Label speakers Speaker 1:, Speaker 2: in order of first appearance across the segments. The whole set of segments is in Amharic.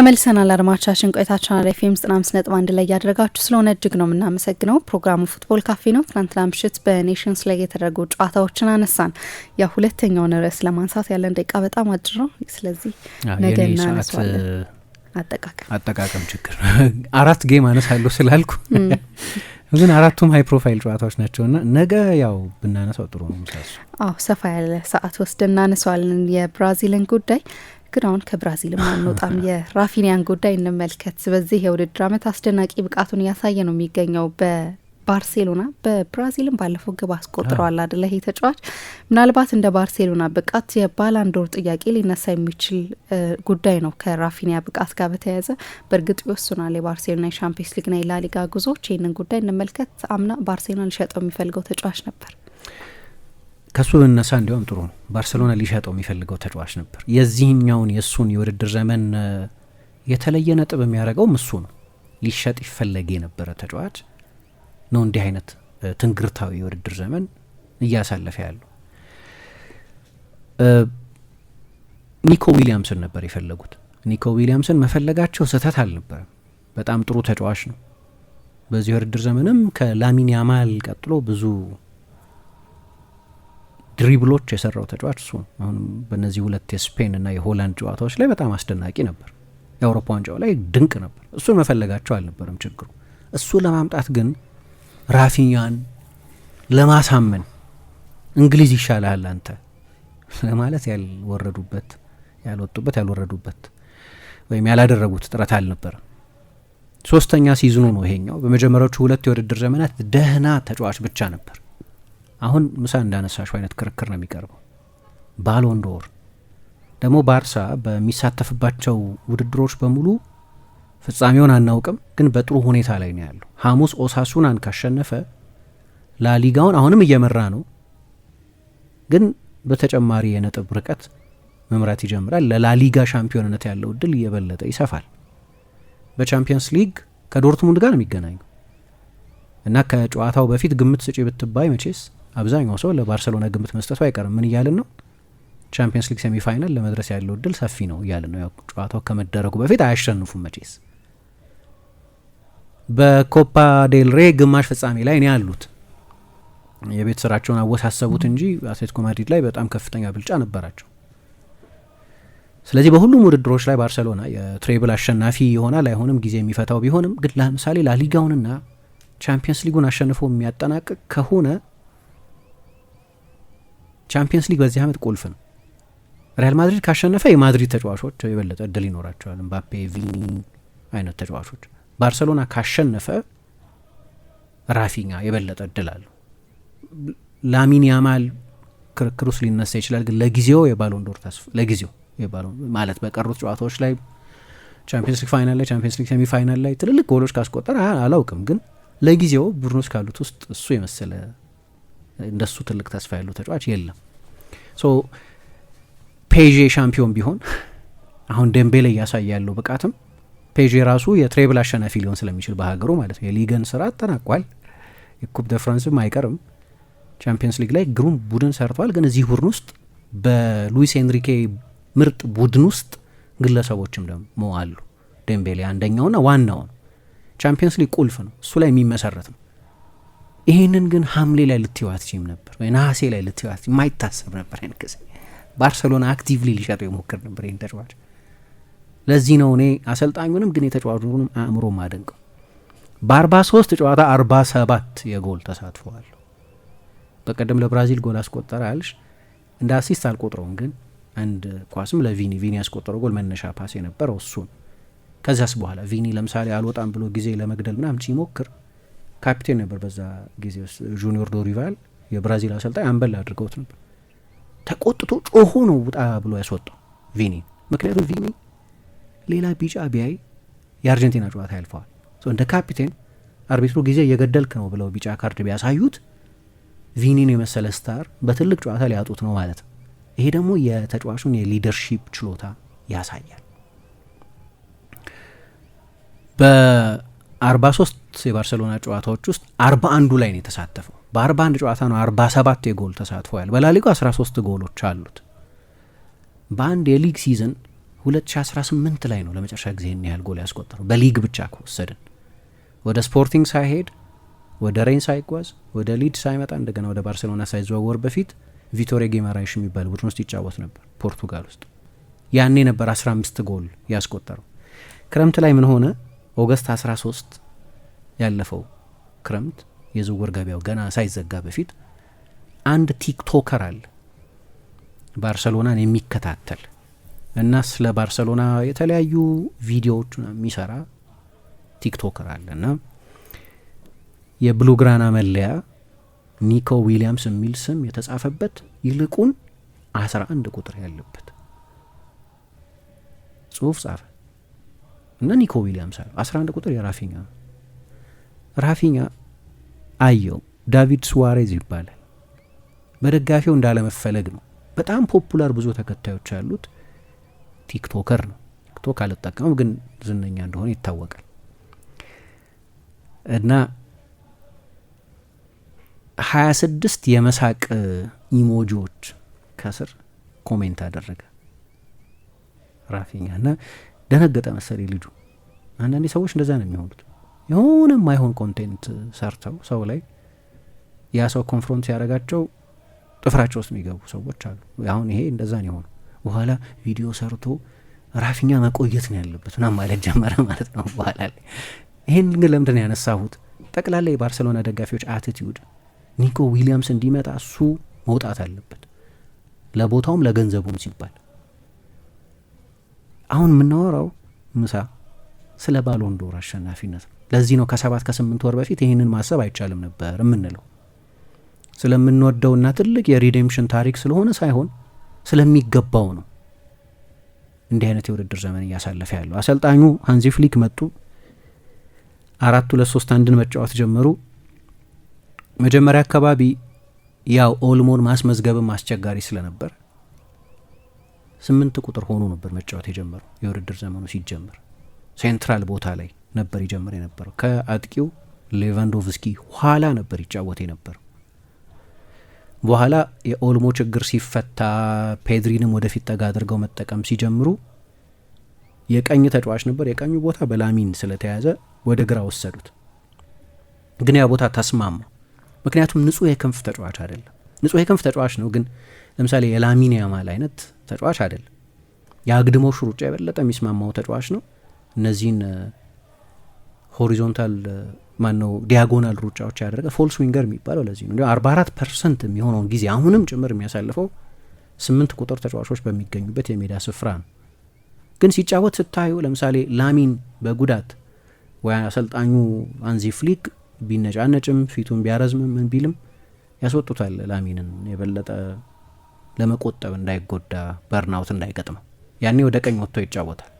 Speaker 1: ተመልሰናል አድማቻችን ቆይታችን አራዳ ኤፍ ኤም ዘጠና አምስት ነጥብ አንድ ላይ እያደረጋችሁ ስለሆነ እጅግ ነው የምናመሰግነው። ፕሮግራሙ ፉትቦል ካፌ ነው። ትናንትና ምሽት በኔሽንስ ላይ የተደረጉ ጨዋታዎችን አነሳን። ያ ሁለተኛውን ርዕስ ለማንሳት ያለን ደቂቃ በጣም አጭር ነው። ስለዚህ ነገ እናነሳዋለን። አጠቃቀም ችግር አራት ጌም አነሳለሁ ስላልኩ ግን አራቱም ሀይ ፕሮፋይል ጨዋታዎች ናቸውና ነገ ያው ብናነሳው ጥሩ ነው። ምሳሱ አዎ ሰፋ ያለ ሰዓት ወስደን እናነሳዋለን የብራዚልን ጉዳይ ግን አሁን ከብራዚልም አንወጣም። የራፊኒያን ጉዳይ እንመልከት። በዚህ የውድድር ዓመት አስደናቂ ብቃቱን እያሳየ ነው የሚገኘው ባርሴሎና በብራዚልም ባለፈው ግብ አስቆጥረዋል አደለ? ይሄ ተጫዋች ምናልባት እንደ ባርሴሎና ብቃት የባላንዶር ጥያቄ ሊነሳ የሚችል ጉዳይ ነው ከራፊኒያ ብቃት ጋር በተያያዘ በእርግጥ ይወስናል የባርሴሎና የሻምፒዮንስ ሊግና የላሊጋ ጉዞዎች። ይህንን ጉዳይ እንመልከት። አምና ባርሴሎና ሊሸጠው የሚፈልገው ተጫዋች ነበር።
Speaker 2: ከሱ ብነሳ እንዲሁም ጥሩ ነው። ባርሰሎና ሊሸጠው የሚፈልገው ተጫዋች ነበር። የዚህኛውን የእሱን የውድድር ዘመን የተለየ ነጥብ የሚያደርገውም እሱ ነው። ሊሸጥ ይፈለግ የነበረ ተጫዋች ነው። እንዲህ አይነት ትንግርታዊ የውድድር ዘመን እያሳለፈ ያሉ ኒኮ ዊሊያምስን ነበር የፈለጉት። ኒኮ ዊሊያምስን መፈለጋቸው ስህተት አልነበረም። በጣም ጥሩ ተጫዋች ነው። በዚህ የውድድር ዘመንም ከላሚን ያማል ቀጥሎ ብዙ ድሪብሎች የሰራው ተጫዋች እሱ ነው። አሁንም በእነዚህ ሁለት የስፔን እና የሆላንድ ጨዋታዎች ላይ በጣም አስደናቂ ነበር። የአውሮፓ ዋንጫው ላይ ድንቅ ነበር። እሱን መፈለጋቸው አልነበረም ችግሩ። እሱ ለማምጣት ግን ራፊኛን ለማሳመን እንግሊዝ ይሻልሃል አንተ ለማለት ያልወረዱበት ያልወጡበት ያልወረዱበት ወይም ያላደረጉት ጥረት አልነበረም። ሶስተኛ ሲዝኑ ነው ይሄኛው። በመጀመሪያዎቹ ሁለት የውድድር ዘመናት ደህና ተጫዋች ብቻ ነበር አሁን ምሳ እንዳነሳሽው አይነት ክርክር ነው የሚቀርበው። ባሎንዶር ደግሞ ባርሳ በሚሳተፍባቸው ውድድሮች በሙሉ ፍጻሜውን አናውቅም፣ ግን በጥሩ ሁኔታ ላይ ነው ያለው። ሐሙስ ኦሳሱናን ካሸነፈ ላሊጋውን አሁንም እየመራ ነው፣ ግን በተጨማሪ የነጥብ ርቀት መምራት ይጀምራል። ለላሊጋ ሻምፒዮንነት ያለው እድል እየበለጠ ይሰፋል። በቻምፒየንስ ሊግ ከዶርትሙንድ ጋር ነው የሚገናኙ እና ከጨዋታው በፊት ግምት ስጪ ብትባይ መቼስ አብዛኛው ሰው ለባርሰሎና ግምት መስጠቱ አይቀርም። ምን እያልን ነው? ቻምፒየንስ ሊግ ሴሚፋይናል ለመድረስ ያለው እድል ሰፊ ነው እያልን ነው። ያው ጨዋታው ከመደረጉ በፊት አያሸንፉም መቼስ። በኮፓ ዴል ሬ ግማሽ ፍጻሜ ላይ ነው ያሉት። የቤት ስራቸውን አወሳሰቡት እንጂ አትሌቲኮ ማድሪድ ላይ በጣም ከፍተኛ ብልጫ ነበራቸው። ስለዚህ በሁሉም ውድድሮች ላይ ባርሰሎና የትሬብል አሸናፊ ይሆናል አይሆንም ጊዜ የሚፈታው ቢሆንም ግን ለምሳሌ ላሊጋውንና ቻምፒየንስ ሊጉን አሸንፎ የሚያጠናቅቅ ከሆነ ቻምፒየንስ ሊግ በዚህ አመት ቁልፍ ነው። ሪያል ማድሪድ ካሸነፈ የማድሪድ ተጫዋቾች የበለጠ እድል ይኖራቸዋል። ምባፔ፣ ቪኒ አይነት ተጫዋቾች። ባርሰሎና ካሸነፈ ራፊኛ የበለጠ እድል አለው። ላሚን ያማል ክርክር ውስጥ ሊነሳ ይችላል። ግን ለጊዜው የባሎንዶር ተስፋ ለጊዜው የባሎን ማለት በቀሩት ጨዋታዎች ላይ ቻምፒየንስ ሊግ ፋይናል ላይ ቻምፒየንስ ሊግ ሴሚ ፋይናል ላይ ትልልቅ ጎሎች ካስቆጠር አላውቅም፣ ግን ለጊዜው ቡድኖች ካሉት ውስጥ እሱ የመሰለ እንደሱ ትልቅ ተስፋ ያለው ተጫዋች የለም። ሶ ፔዤ ሻምፒዮን ቢሆን አሁን ደምቤሌ እያሳየ ያለው ብቃትም ፔዤ ራሱ የትሬብል አሸናፊ ሊሆን ስለሚችል በሀገሩ ማለት ነው። የሊገን ስራ አጠናቋል። የኩፕ ደ ፍራንስም አይቀርም። ቻምፒየንስ ሊግ ላይ ግሩም ቡድን ሰርተዋል። ግን እዚህ ቡድን ውስጥ በሉዊስ ኤንሪኬ ምርጥ ቡድን ውስጥ ግለሰቦችም ደግሞ አሉ። ደምቤሌ አንደኛውና ዋናው ነው። ቻምፒየንስ ሊግ ቁልፍ ነው። እሱ ላይ የሚመሰረት ነው። ይህንን ግን ሐምሌ ላይ ልትዋት ችም ነበር ወይ ነሐሴ ላይ ልትዋት የማይታሰብ ነበር። ያን ጊዜ ባርሰሎና አክቲቭሊ ሊሸጠው የሞክር ነበር ይህን ተጫዋች። ለዚህ ነው እኔ አሰልጣኙንም ግን የተጫዋቹንም አእምሮ ማደንቀው። በአርባ ሶስት ጨዋታ አርባ ሰባት የጎል ተሳትፈዋል። በቀደም ለብራዚል ጎል አስቆጠረ አልሽ፣ እንደ አሲስት አልቆጥረውም፣ ግን አንድ ኳስም ለቪኒ ቪኒ ያስቆጠረው ጎል መነሻ ፓስ የነበረው እሱን። ከዚያስ በኋላ ቪኒ ለምሳሌ አልወጣም ብሎ ጊዜ ለመግደል ምናምን ሲሞክር ካፒቴን ነበር በዛ ጊዜ ውስጥ ጁኒዮር ዶሪቫል የብራዚል አሰልጣኝ አንበል አድርገውት ነበር። ተቆጥቶ ጮሆ ነው ውጣ ብሎ ያስወጣው ቪኒ። ምክንያቱም ቪኒ ሌላ ቢጫ ቢያይ የአርጀንቲና ጨዋታ ያልፈዋል። እንደ ካፒቴን አርቢትሩ ጊዜ እየገደልክ ነው ብለው ቢጫ ካርድ ቢያሳዩት ቪኒን የመሰለ ስታር በትልቅ ጨዋታ ሊያጡት ነው ማለት ነው። ይሄ ደግሞ የተጫዋቹን የሊደርሺፕ ችሎታ ያሳያል። በ43 የባርሰሎና ጨዋታዎች ውስጥ አርባ አንዱ ላይ ነው የተሳተፈው። በአርባ አንድ ጨዋታ ነው አርባ ሰባት የጎል ተሳትፎ ያለ። በላሊጉ ሶስት ጎሎች አሉት። በአንድ የሊግ ሲዝን 2018 ላይ ነው ለመጨረሻ ጊዜ ን ያህል ጎል ያስቆጠረው በሊግ ብቻ ከወሰድን። ወደ ስፖርቲንግ ሳይሄድ ወደ ሬን ሳይጓዝ ወደ ሊድ ሳይመጣ እንደገና ወደ ባርሴሎና ሳይዘዋወር በፊት ቪቶሬ ጌማራይሽ የሚባል ቡድን ውስጥ ይጫወት ነበር ፖርቱጋል ውስጥ። ያኔ ነበር 15 ጎል ያስቆጠረው። ክረምት ላይ ምን ሆነ? ኦገስት 13 ያለፈው ክረምት የዝውውር ገበያው ገና ሳይዘጋ በፊት አንድ ቲክቶከር አለ ባርሰሎናን የሚከታተል እና ስለ ባርሰሎና የተለያዩ ቪዲዮዎች የሚሰራ ቲክቶከር አለ እና የብሉግራና መለያ ኒኮ ዊሊያምስ የሚል ስም የተጻፈበት ይልቁን 11 ቁጥር ያለበት ጽሁፍ ጻፈ እና ኒኮ ዊሊያምስ አለ። 11 ቁጥር የራፊኛ ነው። ራፊኛ አየው ዳቪድ ሱዋሬዝ ይባላል። በደጋፊው እንዳለመፈለግ ነው። በጣም ፖፑላር ብዙ ተከታዮች ያሉት ቲክቶከር ነው። ቲክቶክ አልጠቀመም፣ ግን ዝነኛ እንደሆነ ይታወቃል። እና ሀያ ስድስት የመሳቅ ኢሞጂዎች ከስር ኮሜንት አደረገ ራፊኛ እና ደነገጠ መሰለኝ ልጁ። አንዳንዴ ሰዎች እንደዛ ነው የሚሆኑት። የሆነ ማይሆን ኮንቴንት ሰርተው ሰው ላይ ያ ሰው ኮንፍሮንት ሲያደርጋቸው ጥፍራቸው ውስጥ የሚገቡ ሰዎች አሉ። አሁን ይሄ እንደዛ ነው የሆኑ በኋላ ቪዲዮ ሰርቶ ራፊኛ መቆየት ነው ያለበት ምናም ማለት ጀመረ ማለት ነው በኋላ ላይ። ይሄን ግን ለምንድን ነው ያነሳሁት? ጠቅላላ የባርሴሎና ደጋፊዎች አቲቲዩድ ኒኮ ዊሊያምስ እንዲመጣ እሱ መውጣት አለበት ለቦታውም ለገንዘቡም ሲባል። አሁን የምናወራው ምሳ ስለ ባሎንዶር አሸናፊነት ነው። ለዚህ ነው ከሰባት ከስምንት ወር በፊት ይህንን ማሰብ አይቻልም ነበር የምንለው። ስለምንወደውና ትልቅ የሪዴምሽን ታሪክ ስለሆነ ሳይሆን ስለሚገባው ነው እንዲህ አይነት የውድድር ዘመን እያሳለፈ ያለው። አሰልጣኙ ሃንዚ ፍሊክ መጡ። አራት ሁለት ሶስት አንድን መጫወት ጀመሩ። መጀመሪያ አካባቢ ያው ኦልሞን ማስመዝገብም አስቸጋሪ ስለነበር ስምንት ቁጥር ሆኖ ነበር መጫወት የጀመረው የውድድር ዘመኑ ሲጀምር ሴንትራል ቦታ ላይ ነበር ይጀምር የነበረው። ከአጥቂው ሌቫንዶቭስኪ ኋላ ነበር ይጫወት የነበረው። በኋላ የኦልሞ ችግር ሲፈታ ፔድሪንም ወደፊት ጠጋ አድርገው መጠቀም ሲጀምሩ የቀኝ ተጫዋች ነበር። የቀኙ ቦታ በላሚን ስለተያዘ ወደ ግራ ወሰዱት። ግን ያ ቦታ ተስማማ። ምክንያቱም ንጹህ የክንፍ ተጫዋች አይደለም። ንጹህ የክንፍ ተጫዋች ነው፣ ግን ለምሳሌ የላሚን ያማል አይነት ተጫዋች አይደለም። የአግድሞ ሹሩጫ የበለጠ የሚስማማው ተጫዋች ነው። እነዚህን ሆሪዞንታል ማነው ዲያጎናል ሩጫዎች ያደረገ ፎልስ ዊንገር የሚባለው ለዚህ ነው። አርባ አራት ፐርሰንት የሚሆነውን ጊዜ አሁንም ጭምር የሚያሳልፈው ስምንት ቁጥር ተጫዋቾች በሚገኙበት የሜዳ ስፍራ ነው። ግን ሲጫወት ስታዩ ለምሳሌ ላሚን በጉዳት ወይ አሰልጣኙ አንዚ ፍሊክ ቢነጫነጭም ፊቱን ቢያረዝምም ምን ቢልም ያስወጡታል። ላሚንን የበለጠ ለመቆጠብ እንዳይጎዳ በርናውት እንዳይገጥመው ያኔ ወደ ቀኝ ወጥቶ ይጫወታል።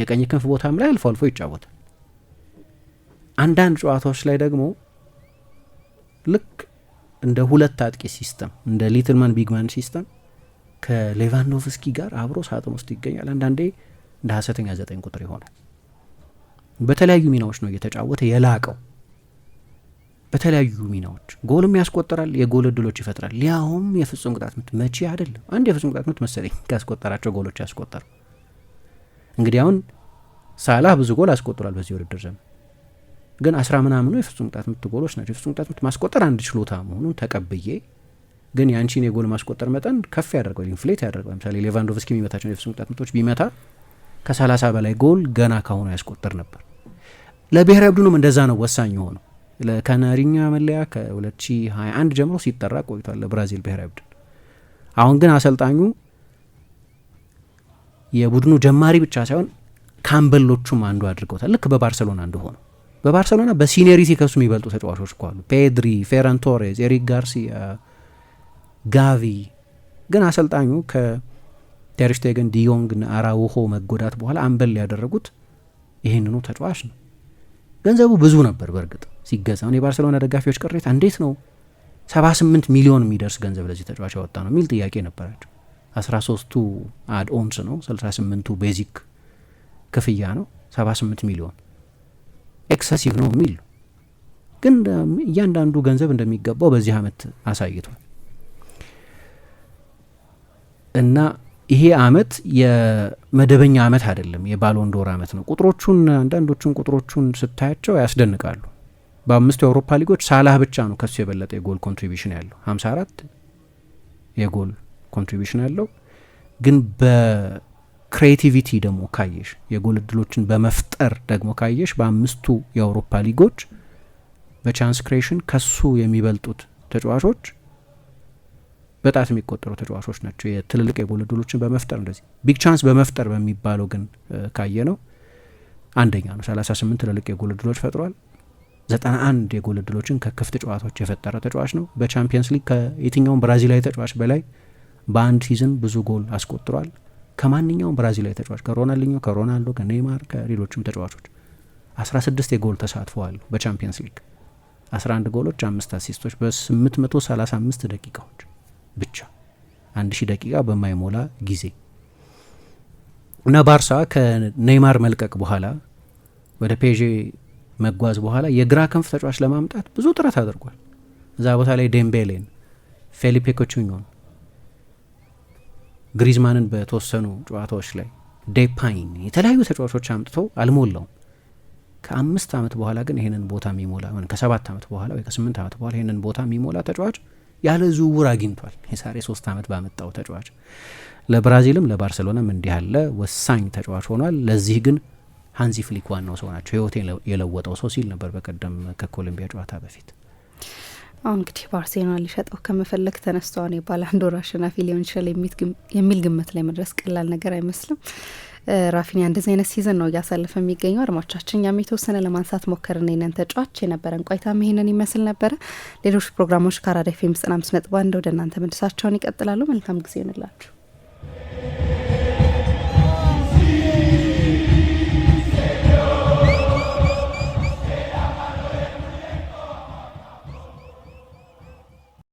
Speaker 2: የቀኝ ክንፍ ቦታም ላይ አልፎ አልፎ ይጫወታል። አንዳንድ ጨዋታዎች ላይ ደግሞ ልክ እንደ ሁለት አጥቂ ሲስተም እንደ ሊትልማን ቢግማን ሲስተም ከሌቫንዶቭስኪ ጋር አብሮ ሳጥን ውስጥ ይገኛል። አንዳንዴ እንደ ሀሰተኛ ዘጠኝ ቁጥር ይሆናል። በተለያዩ ሚናዎች ነው እየተጫወተ የላቀው። በተለያዩ ሚናዎች ጎልም ያስቆጠራል፣ የጎል እድሎች ይፈጥራል። ሊያውም የፍጹም ቅጣት ምት መቼ አይደለም አንድ የፍጹም ቅጣት ምት መሰለኝ ካስቆጠራቸው ጎሎች ያስቆጠረው። እንግዲህ አሁን ሳላህ ብዙ ጎል አስቆጥሯል በዚህ ውድድር ዘመን ግን አስራ ምናምኑ የፍጹም ቅጣት ምት ጎሎች ናቸው። የፍጹም ቅጣት ምት ማስቆጠር አንድ ችሎታ መሆኑን ተቀብዬ ግን የአንቺን የጎል ማስቆጠር መጠን ከፍ ያደርገዋል፣ ኢንፍሌት ያደርገዋል። ለምሳሌ ሌቫንዶቭስኪ የሚመታቸውን የፍጹም ቅጣት ምቶች ቢመታ ከሰላሳ በላይ ጎል ገና ካሁኑ ያስቆጥር ነበር። ለብሔራዊ ቡድኑም እንደዛ ነው ወሳኝ የሆነው ከነሪኛ መለያ ከ2021 ጀምሮ ሲጠራ ቆይቷል ለብራዚል ብሔራዊ ቡድን። አሁን ግን አሰልጣኙ የቡድኑ ጀማሪ ብቻ ሳይሆን ካምበሎቹም አንዱ አድርገውታል ልክ በባርሰሎና እንደሆነው በባርሰሎና በሲኒየሪቲ ከሱ የሚበልጡ ተጫዋቾች እኮ አሉ። ፔድሪ፣ ፌረን ቶሬዝ፣ ኤሪክ ጋርሲያ፣ ጋቪ። ግን አሰልጣኙ ከቴርሽቴገን፣ ዲዮንግ ና አራውሆ መጎዳት በኋላ አምበል ያደረጉት ይህንኑ ተጫዋች ነው። ገንዘቡ ብዙ ነበር በእርግጥ ሲገዛ። የባርሰሎና ደጋፊዎች ቅሬታ እንዴት ነው 78 ሚሊዮን የሚደርስ ገንዘብ ለዚህ ተጫዋች ያወጣ ነው የሚል ጥያቄ ነበራቸው። 13ቱ አድ ኦንስ ነው፣ 68ቱ ቤዚክ ክፍያ ነው፣ 78 ሚሊዮን ኤክሰሲቭ ነው የሚል ግን እያንዳንዱ ገንዘብ እንደሚገባው በዚህ አመት አሳይቷል እና ይሄ አመት የመደበኛ አመት አይደለም፣ የባሎንዶር አመት ነው። ቁጥሮቹን አንዳንዶቹን ቁጥሮቹን ስታያቸው ያስደንቃሉ። በአምስቱ የአውሮፓ ሊጎች ሳላህ ብቻ ነው ከሱ የበለጠ የጎል ኮንትሪቢሽን ያለው 54 የጎል ኮንትሪቢሽን ያለው ግን ክሬቲቪቲ ደግሞ ካየሽ የጎል እድሎችን በመፍጠር ደግሞ ካየሽ በአምስቱ የአውሮፓ ሊጎች በቻንስ ክሬሽን ከሱ የሚበልጡት ተጫዋቾች በጣት የሚቆጠሩ ተጫዋቾች ናቸው። የትልልቅ የጎል እድሎችን በመፍጠር እንደዚህ ቢግ ቻንስ በመፍጠር በሚባለው ግን ካየ ነው አንደኛ ነው። 38 ትልልቅ የጎል እድሎች ፈጥሯል። 91 የጎል እድሎችን ከክፍት ጨዋታዎች የፈጠረ ተጫዋች ነው። በቻምፒየንስ ሊግ ከየትኛውም ብራዚላዊ ተጫዋች በላይ በአንድ ሲዝን ብዙ ጎል አስቆጥሯል። ከማንኛውም ብራዚላዊ ተጫዋች ከሮናልዲኞ፣ ከሮናልዶ፣ ከኔይማር፣ ከሌሎችም ተጫዋቾች 16 የጎል ተሳትፎ አሉ በቻምፒየንስ ሊግ 11 ጎሎች፣ አምስት አሲስቶች በ835 ደቂቃዎች ብቻ አንድ ሺህ ደቂቃ በማይሞላ ጊዜ እና ባርሳ ከኔይማር መልቀቅ በኋላ ወደ ፔዤ መጓዝ በኋላ የግራ ክንፍ ተጫዋች ለማምጣት ብዙ ጥረት አድርጓል። እዛ ቦታ ላይ ዴምቤሌን፣ ፌሊፔ ኮቹኞን ግሪዝማንን በተወሰኑ ጨዋታዎች ላይ ዴፓይን የተለያዩ ተጫዋቾች አምጥቶ አልሞላውም። ከአምስት ዓመት በኋላ ግን ይህንን ቦታ የሚሞላ ከሰባት ዓመት በኋላ ወይ ከስምንት ዓመት በኋላ ይህንን ቦታ የሚሞላ ተጫዋች ያለ ዝውውር አግኝቷል። የዛሬ ሶስት ዓመት ባመጣው ተጫዋች ለብራዚልም ለባርሴሎናም እንዲህ ያለ ወሳኝ ተጫዋች ሆኗል። ለዚህ ግን ሀንዚ ፍሊክ ዋናው ሰው ናቸው። ህይወቴን የለወጠው ሰው ሲል ነበር በቀደም ከኮሎምቢያ ጨዋታ በፊት አሁን እንግዲህ ባርሴሎና ሊሸጠው ከመፈለግ ተነስቶ አሁን የባላንዶር አሸናፊ ሊሆን ይችላል የሚል ግምት ላይ መድረስ ቀላል ነገር አይመስልም። ራፊኒያ እንደዚህ አይነት ሲዝን ነው እያሳለፈ የሚገኘው። አድማቻችን ያም የተወሰነ ለማንሳት ሞከርን። ይነን ተጫዋች የነበረን ቆይታም ይሄንን ይመስል ነበረ። ሌሎች ፕሮግራሞች ከአራዳ ኤፍ ኤም ዘጠና አምስት ነጥብ አንድ ወደ እናንተ መድረሳቸውን ይቀጥላሉ። መልካም ጊዜ ይሆንላችሁ።